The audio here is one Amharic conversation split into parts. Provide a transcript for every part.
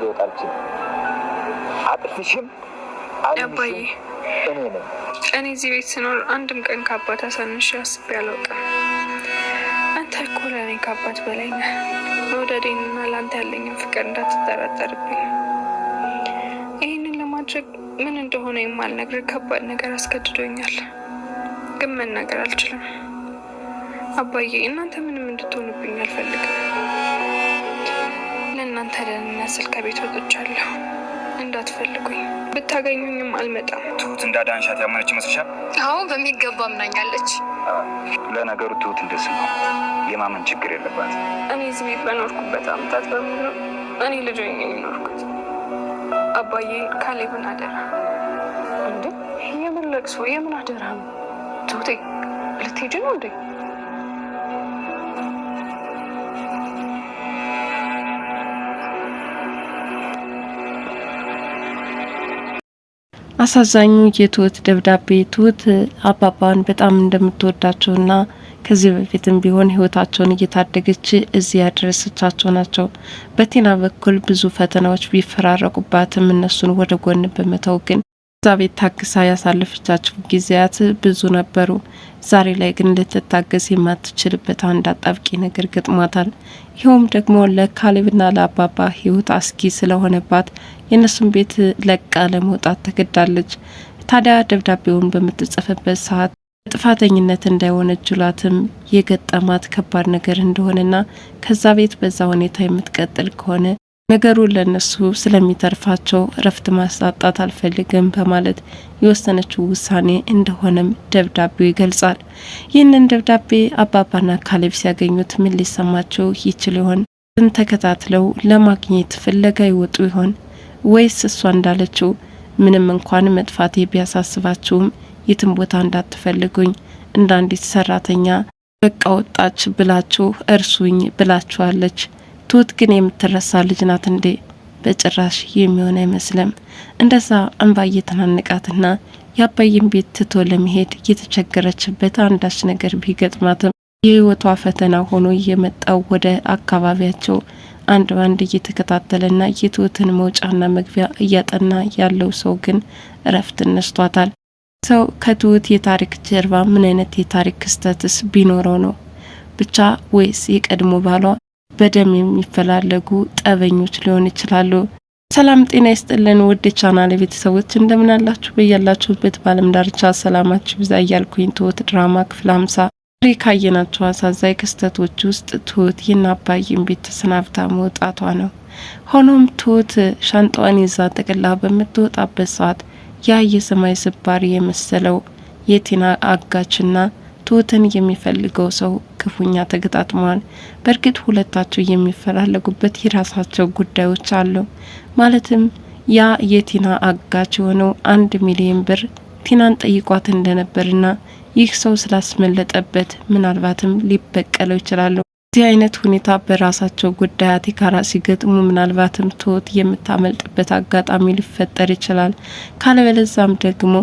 ልወጣ አልችልም። አጥፍሽም አባዬ እኔ ነኝ። እኔ እዚህ ቤት ስኖር አንድም ቀን ከአባት አሳንሽ አስቤ አላውቅም። አንተ እኮ ለእኔ ከአባት በላይ ነህ። መውደዴንና ለአንተ ያለኝን ፍቅር እንዳትጠራጠርብኝ። ይህንን ለማድረግ ምን እንደሆነ የማልነግርህ ከባድ ነገር አስገድዶኛል፣ ግን መናገር አልችልም። አባዬ እናንተ ምንም እንድትሆንብኝ አልፈልግም። ለእናንተ ደህንነት ስል ከቤት ወጥቻለሁ። እንዳትፈልጉኝ፣ ብታገኙኝም አልመጣም። ትሁት እንዳዳንሻት ያመነች ይመስልሻል? አዎ በሚገባ አምናኛለች። ለነገሩ ትሁት እንደስ ነው፣ የማመን ችግር የለባት። እኔ ዝቤ በኖርኩበት አመታት በሙሉ እኔ ልጆ የሚኖርኩት አባዬ ካሌብን አደራ እንዴ! የምን ለቅሶ የምን አደራ ነው? ትሁቴ ልትሄጂ ነው እንዴ? አሳዛኙ የትሁት ደብዳቤ ትሁት አባባን በጣም እንደምትወዳቸውና ከዚህ በፊትም ቢሆን ህይወታቸውን እየታደገች እዚህ ያደረሰቻቸው ናቸው። በቲና በኩል ብዙ ፈተናዎች ቢፈራረቁባትም እነሱን ወደ ጎን በመተው ግን እዛ ቤት ታግሳ ያሳለፈቻቸው ጊዜያት ብዙ ነበሩ። ዛሬ ላይ ግን ልትታገስ የማትችልበት አንድ አጣብቂ ነገር ገጥሟታል። ይኸውም ደግሞ ለካሌብና ለአባባ ህይወት አስጊ ስለሆነባት የእነሱን ቤት ለቃ ለመውጣት ተገዳለች። ታዲያ ደብዳቤውን በምትጽፍበት ሰዓት ጥፋተኝነት እንዳይሆነ ጁላትም የገጠማት ከባድ ነገር እንደሆነና ከዛ ቤት በዛ ሁኔታ የምትቀጥል ከሆነ ነገሩን ለነሱ ስለሚተርፋቸው እረፍት ማሳጣት አልፈልግም በማለት የወሰነችው ውሳኔ እንደሆነም ደብዳቤው ይገልጻል። ይህንን ደብዳቤ አባባና ካሌብ ሲያገኙት ምን ሊሰማቸው ይችል ይሆን? ን ተከታትለው ለማግኘት ፍለጋ ይወጡ ይሆን? ወይስ እሷ እንዳለችው ምንም እንኳን መጥፋቴ ቢያሳስባችሁም የትም ቦታ እንዳትፈልጉኝ እንደ አንዲት ሰራተኛ በቃ ወጣች ብላችሁ እርሱኝ ብላችኋለች ትሁት ግን የምትረሳ ልጅ ናት እንዴ? በጭራሽ የሚሆን አይመስልም። እንደዛ እንባ እየተናነቃትና የአባይን ቤት ትቶ ለመሄድ የተቸገረችበት አንዳች ነገር ቢገጥማትም የህይወቷ ፈተና ሆኖ የመጣው ወደ አካባቢያቸው አንድ ባንድ እየተከታተለና የትሁትን መውጫና መግቢያ እያጠና ያለው ሰው ግን እረፍት እነስቷታል። ሰው ከትሁት የታሪክ ጀርባ ምን አይነት የታሪክ ክስተትስ ቢኖረው ነው? ብቻ ወይስ የቀድሞ ባሏ በደም የሚፈላለጉ ጠበኞች ሊሆን ይችላሉ። ሰላም ጤና ይስጥልን ውድ ቻናል ቤተሰቦች አላችሁ? በያላችሁበት በዓለም ዳርቻ ሰላማችሁ ይብዛ እያልኩኝ ትሁት ድራማ ክፍል ሀምሳ ሬ ካየናቸው አሳዛኝ ክስተቶች ውስጥ ትሁት የአባይን ቤት ተሰናብታ መውጣቷ ነው። ሆኖም ትሁት ሻንጣዋን ይዛ ጠቅላ በምትወጣበት ሰዓት ያ የሰማይ ስባሪ የመሰለው የቴና አጋችና ትሁትን የሚፈልገው ሰው ክፉኛ ተገጣጥሟል። በእርግጥ ሁለታቸው የሚፈላለጉበት የራሳቸው ጉዳዮች አሉ። ማለትም ያ የቲና አጋች የሆነው አንድ ሚሊዮን ብር ቲናን ጠይቋት እንደነበርና ይህ ሰው ስላስመለጠበት ምናልባትም ሊበቀለው ይችላሉ። እዚህ አይነት ሁኔታ በራሳቸው ጉዳይ አቲካራ ሲገጥሙ ምናልባትም ትሁት የምታመልጥበት አጋጣሚ ሊፈጠር ይችላል። ካለበለዛም ደግሞ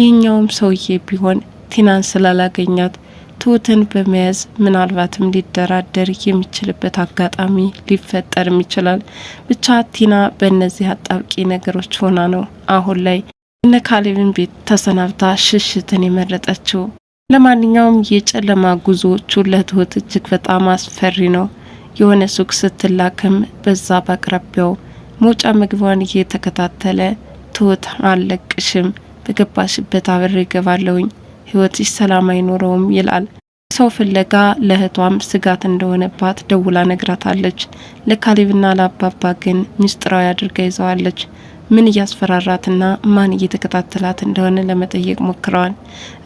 ይህኛውም ሰውዬ ቢሆን ቲናን ስላላገኛት ትሁትን በመያዝ ምናልባትም ሊደራደር የሚችልበት አጋጣሚ ሊፈጠርም ይችላል። ብቻ ቲና በእነዚህ አጣብቂ ነገሮች ሆና ነው አሁን ላይ እነ ካሌብን ቤት ተሰናብታ ሽሽትን የመረጠችው። ለማንኛውም የጨለማ ጉዞዎቹ ለትሁት እጅግ በጣም አስፈሪ ነው። የሆነ ሱቅ ስትላክም በዛ በአቅራቢያው መውጫ ምግቧን እየተከታተለ ትሁት አለቅሽም በገባሽበት አብሬ እገባለሁኝ ህይወትሽ ሰላም አይኖረውም ይላል። ሰው ፍለጋ ለእህቷም ስጋት እንደሆነባት ደውላ ነግራታለች። ለካሌብና ለአባባ ግን ምስጢራዊ አድርጋ ይዘዋለች። ምን እያስፈራራትና ማን እየተከታተላት እንደሆነ ለመጠየቅ ሞክረዋል።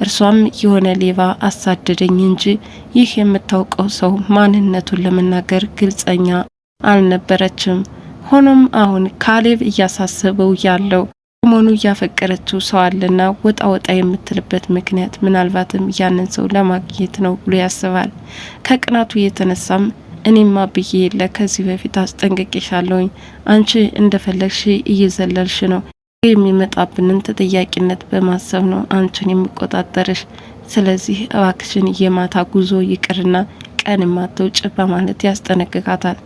እርሷም የሆነ ሌባ አሳደደኝ እንጂ ይህ የምታውቀው ሰው ማንነቱን ለመናገር ግልጸኛ አልነበረችም። ሆኖም አሁን ካሌብ እያሳሰበው ያለው ሰሞኑ እያፈቀረችው ሰው አለና ወጣ ወጣ የምትልበት ምክንያት ምናልባትም ያንን ሰው ለማግኘት ነው ብሎ ያስባል። ከቅናቱ የተነሳም እኔማ ብዬ የለ ከዚህ በፊት አስጠንቅቄሻለሁኝ፣ አንቺ እንደፈለግሽ እየዘለልሽ ነው የሚመጣብንን ተጠያቂነት በማሰብ ነው አንቺን የምቆጣጠርሽ። ስለዚህ እባክሽን የማታ ጉዞ ይቅርና ቀን ማትውጭ በማለት ያስጠነቅቃታል።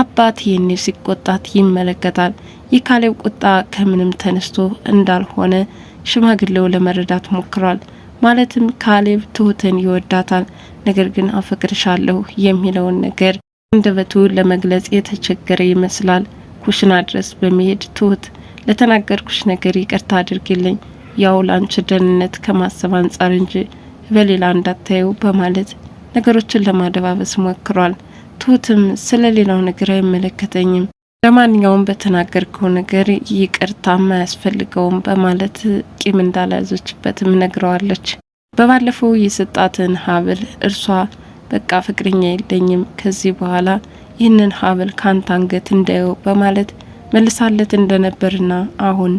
አባት ይህኔ ሲቆጣት ይመለከታል። የካሌብ ቁጣ ከምንም ተነስቶ እንዳልሆነ ሽማግሌው ለመረዳት ሞክሯል። ማለትም ካሌብ ትሁትን ይወዳታል፣ ነገር ግን አፈቅርሻለሁ የሚለውን ነገር አንደበቱ ለመግለጽ የተቸገረ ይመስላል። ኩሽና ድረስ በመሄድ ትሁት ለተናገርኩሽ ነገር ይቅርታ አድርግልኝ፣ ያው ላንቺ ደህንነት ከማሰብ አንጻር እንጂ በሌላ እንዳታየው በማለት ነገሮችን ለማደባበስ ሞክሯል። ትሁትም ስለ ሌላው ነገር አይመለከተኝም፣ ለማንኛውም በተናገርከው ነገር ይቅርታም አያስፈልገውም በማለት ቂም እንዳልያዘችበትም ነግረዋለች። በባለፈው የሰጣትን ሀብል እርሷ በቃ ፍቅረኛ የለኝም ከዚህ በኋላ ይህንን ሀብል ካንተ አንገት እንዳየው በማለት መልሳለት እንደነበርና አሁን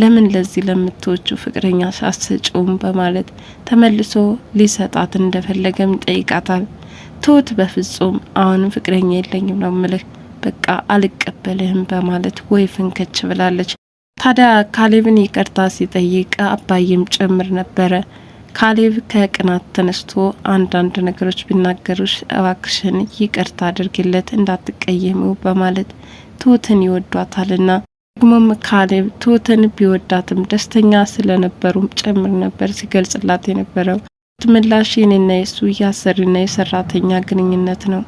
ለምን ለዚህ ለምትወቹ ፍቅረኛ ሳስጭውም በማለት ተመልሶ ሊሰጣት እንደፈለገም ይጠይቃታል። ትሁት በፍጹም አሁንም ፍቅረኛ የለኝም ነው ምልህ በቃ አልቀበልህም በማለት ወይ ፍንከች ብላለች። ታዲያ ካሌብን ይቅርታ ሲጠይቅ አባዬም ጭምር ነበረ ካሌብ ከቅናት ተነስቶ አንዳንድ ነገሮች ቢናገሩሽ እባክሽን ይቅርታ አድርግለት እንዳትቀየሚው በማለት ትሁትን ይወዷታልና ደግሞም ካሌብ ትሁትን ቢወዳትም ደስተኛ ስለነበሩም ጭምር ነበር ሲገልጽላት የነበረው። ምላሽ የኔና የሱ የአሰሪና የሰራተኛ ግንኙነት ነው።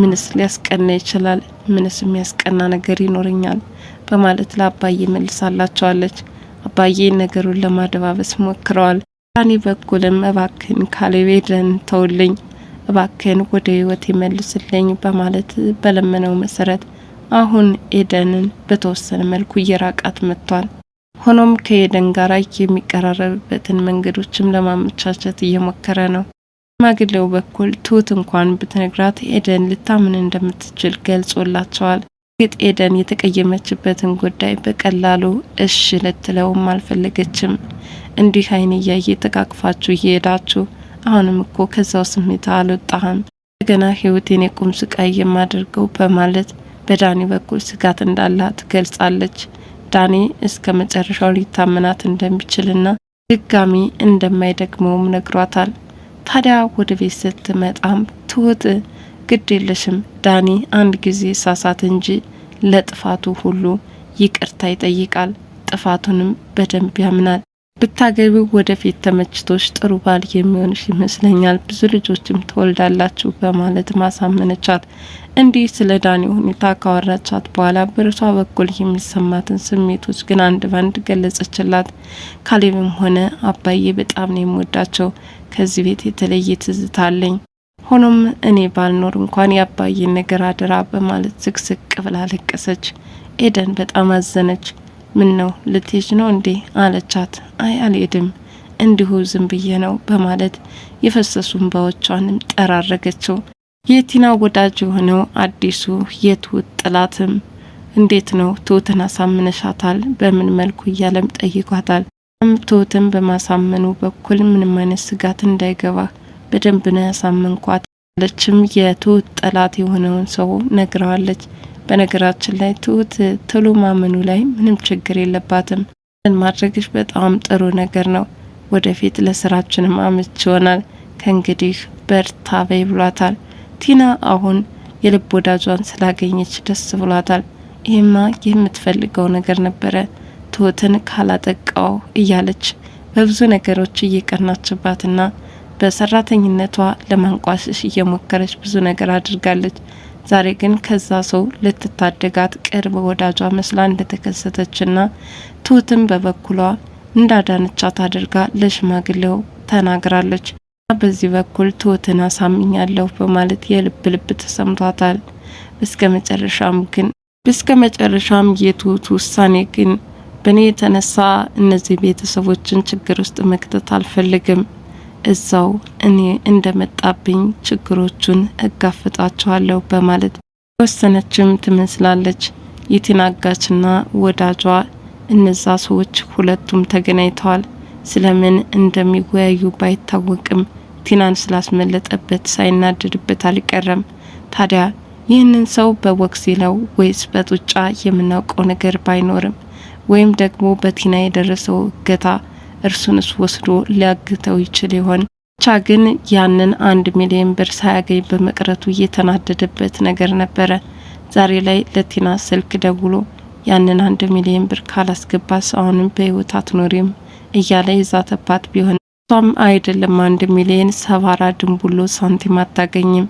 ምንስ ሊያስቀና ይችላል? ምንስ የሚያስቀና ነገር ይኖረኛል? በማለት ለአባዬ መልሳላቸዋለች። አባዬ ነገሩን ለማደባበስ ሞክረዋል። እኔ በኩልም እባክን ካሌብ ኤደንን ተውልኝ፣ እባክን ወደ ህይወት ይመልስልኝ በማለት በለመነው መሰረት አሁን ኤደንን በተወሰነ መልኩ እየራቃት መጥቷል። ሆኖም ከኤደን ጋር የሚቀራረብበትን መንገዶችም ለማመቻቸት እየሞከረ ነው። ሽማግሌው በኩል ትሁት እንኳን ብትነግራት ኤደን ልታምን እንደምትችል ገልጾላቸዋል። ግጥ ኤደን የተቀየመችበትን ጉዳይ በቀላሉ እሽ ልትለውም አልፈለገችም። እንዲህ አይን እያየ ተቃቅፋችሁ እየሄዳችሁ አሁንም እኮ ከዛው ስሜት አልወጣህም፣ ገና ህይወቴን የቁም ስቃይ የማደርገው በማለት በዳኒ በኩል ስጋት እንዳላት ገልጻለች። ዳኒ እስከ መጨረሻው ሊታመናት እንደሚችልና ድጋሚ እንደማይደግመውም ነግሯታል። ታዲያ ወደ ቤት ስትመጣም ትውት ግድ የለሽም ዳኒ አንድ ጊዜ ሳሳት እንጂ ለጥፋቱ ሁሉ ይቅርታ ይጠይቃል። ጥፋቱንም በደንብ ያምናል። ብታገቢው ወደፊት ተመችቶች ጥሩ ባል የሚሆንሽ ይመስለኛል፣ ብዙ ልጆችም ትወልዳላችሁ በማለት ማሳመነቻት። እንዲህ ስለ ዳኒ ሁኔታ ካወራቻት በኋላ በእርሷ በኩል የሚሰማትን ስሜቶች ግን አንድ ባንድ ገለጸችላት። ካሌብም ሆነ አባዬ በጣም ነው የምወዳቸው፣ ከዚህ ቤት የተለየ ትዝታ አለኝ ሆኖም እኔ ባልኖር እንኳን የአባዬን ነገር አደራ በማለት ዝቅዝቅ ብላ ለቀሰች። ኤደን በጣም አዘነች። ምን ነው ልትሄጅ ነው እንዴ አለቻት። አይ አልሄድም፣ እንዲሁ ዝም ብዬ ነው በማለት የፈሰሱ እንባዎቿንም ጠራረገችው። የቲና ወዳጅ የሆነው አዲሱ የትሁት ጥላትም እንዴት ነው ትሁትን አሳምነሻታል? በምን መልኩ እያለም ጠይቋታል። ትሁትን በማሳመኑ በኩል ምንም አይነት ስጋት እንዳይገባ በደንብ ነ ሳምንኳት ለችም የትሁት ጠላት የሆነውን ሰው ነግረዋለች። በነገራችን ላይ ትሁት ቶሎ ማመኑ ላይ ምንም ችግር የለባትም። ማድረግሽ በጣም ጥሩ ነገር ነው። ወደፊት ለስራችንም አመች ይሆናል። ከእንግዲህ በርታ በይ ብሏታል። ቲና አሁን የልብ ወዳጇን ስላገኘች ደስ ብሏታል። ይህማ የምትፈልገው ነገር ነበረ፣ ትሁትን ካላጠቃው እያለች በብዙ ነገሮች እየቀናችባትና በሰራተኝነቷ ለማንቋሸሽ እየሞከረች ብዙ ነገር አድርጋለች። ዛሬ ግን ከዛ ሰው ልትታደጋት ቅርብ ወዳጇ መስላ እንደተከሰተችና ትሁትም በበኩሏ እንዳዳነቻት አድርጋ ለሽማግሌው ተናግራለች። በዚህ በኩል ትሁትን አሳምኛለሁ በማለት የልብ ልብ ተሰምቷታል። እስከ መጨረሻም ግን እስከ መጨረሻም የትሁት ውሳኔ ግን በእኔ የተነሳ እነዚህ ቤተሰቦችን ችግር ውስጥ መክተት አልፈልግም እዛው እኔ እንደመጣብኝ ችግሮቹን እጋፍጣቸዋለሁ በማለት የወሰነችም ትመስላለች። የቴና አጋችና ወዳጇ እነዛ ሰዎች ሁለቱም ተገናኝተዋል። ስለምን እንደሚወያዩ ባይታወቅም ቲናን ስላስመለጠበት ሳይናደድበት አልቀረም። ታዲያ ይህንን ሰው በቦክስ ይለው ወይስ በጡጫ የምናውቀው ነገር ባይኖርም ወይም ደግሞ በቲና የደረሰው እገታ እርሱንስ ወስዶ ሊያግተው ይችል ይሆን? ብቻ ግን ያንን አንድ ሚሊዮን ብር ሳያገኝ በመቅረቱ እየተናደደበት ነገር ነበረ። ዛሬ ላይ ለቲና ስልክ ደውሎ ያንን አንድ ሚሊዮን ብር ካላስገባስ አሁንም በህይወት አትኖሪም እያለ ይዛተባት ቢሆን እሷም አይደለም አንድ ሚሊዮን ሰባራ ድንቡሎ ሳንቲም አታገኝም፣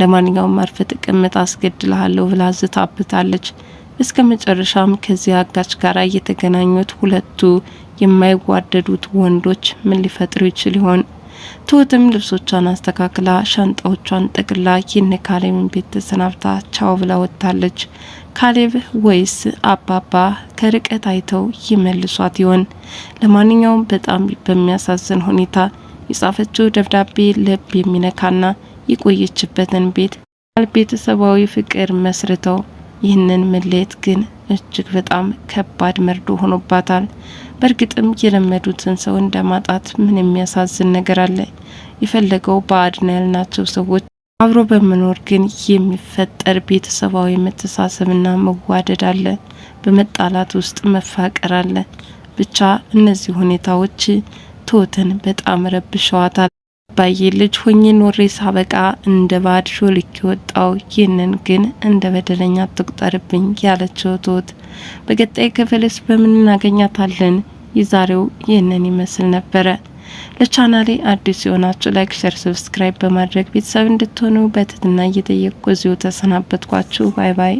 ለማንኛውም አርፈ ጥቅምት አስገድልሃለሁ ብላ ዝታብታለች። እስከ መጨረሻም ከዚያ አጋች ጋር የተገናኙት ሁለቱ የማይዋደዱት ወንዶች ምን ሊፈጥሩ ይችል ይሆን? ትሁትም ልብሶቿን አስተካክላ ሻንጣዎቿን ጠቅላ ይህን ካሌብን ቤት ተሰናብታ ቻው ብላ ወጥታለች። ካሌብ ወይስ አባባ ከርቀት አይተው ይመልሷት ይሆን? ለማንኛውም በጣም በሚያሳዝን ሁኔታ የጻፈችው ደብዳቤ ልብ የሚነካና የቆየችበትን ቤት ቤተሰባዊ ፍቅር መስርተው ይህንን ምሌት ግን እጅግ በጣም ከባድ መርዶ ሆኖባታል። በእርግጥም የለመዱትን ሰው እንደማጣት ምን የሚያሳዝን ነገር አለ? የፈለገው በአድና ያልናቸው ሰዎች አብሮ በመኖር ግን የሚፈጠር ቤተሰባዊ መተሳሰብና መዋደድ አለ። በመጣላት ውስጥ መፋቀር አለ። ብቻ እነዚህ ሁኔታዎች ትሁትን በጣም ረብሸዋታል። የአባዬ ልጅ ሆኜ ኖሬ ሳበቃ እንደ ባድ ሾልክ ወጣው። ይህንን ግን እንደ በደለኛ ትቁጠርብኝ ያለችው እህት በቀጣይ ክፍልስ በምን እናገኛታለን? የዛሬው ይህንን ይመስል ነበረ። ለቻናሌ አዲስ የሆናችሁ ላይክ፣ ሸር፣ ሰብስክራይብ በማድረግ ቤተሰብ እንድትሆኑ በትህትና እየጠየቅኩ እዚሁ ተሰናበትኳችሁ። ባይ ባይ።